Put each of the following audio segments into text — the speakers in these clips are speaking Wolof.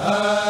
ah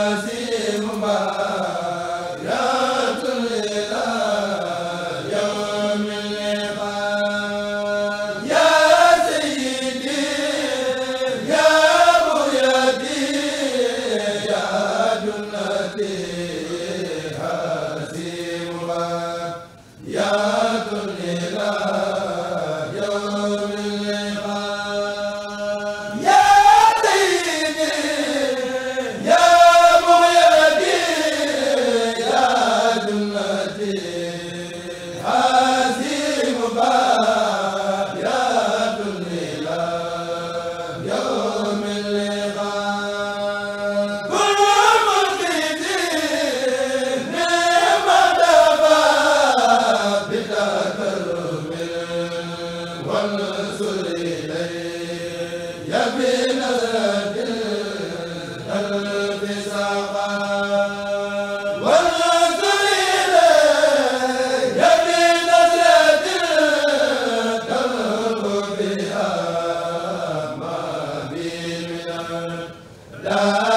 la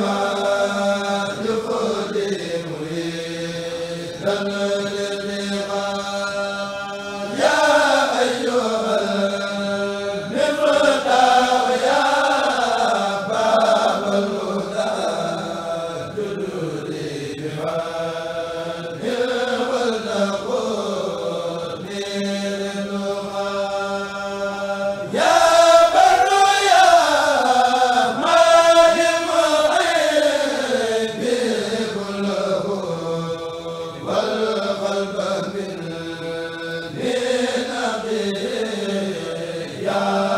wa القلب من من أبي يا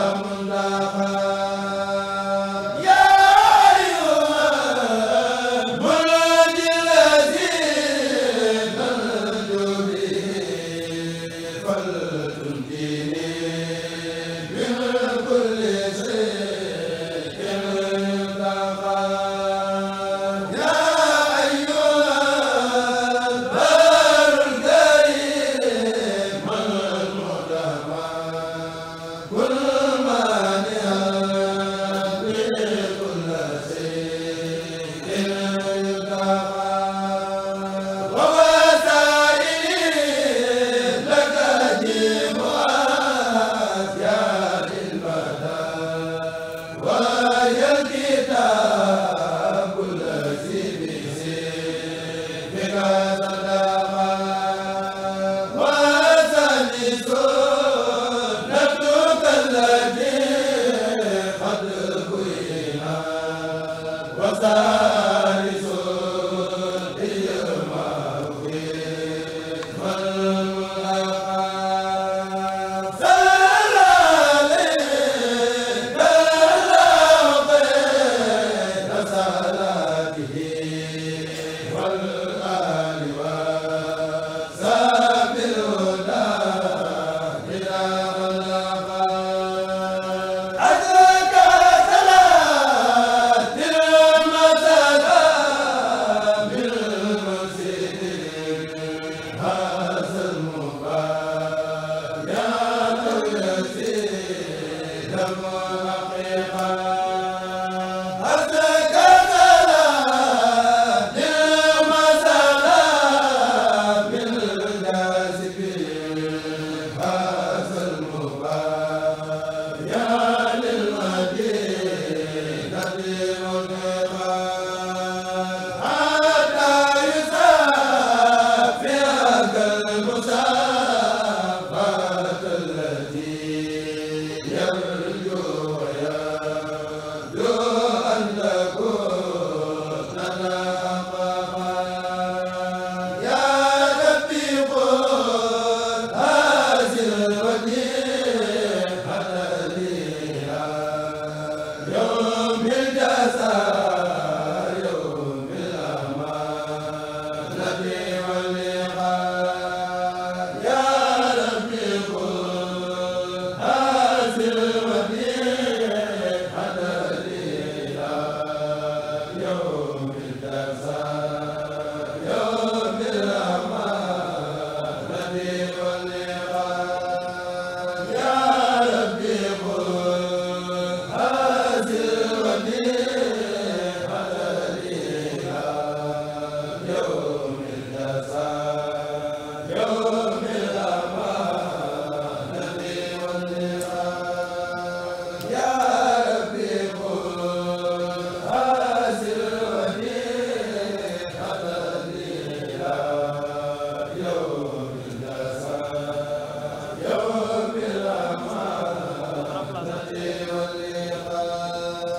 Mustafa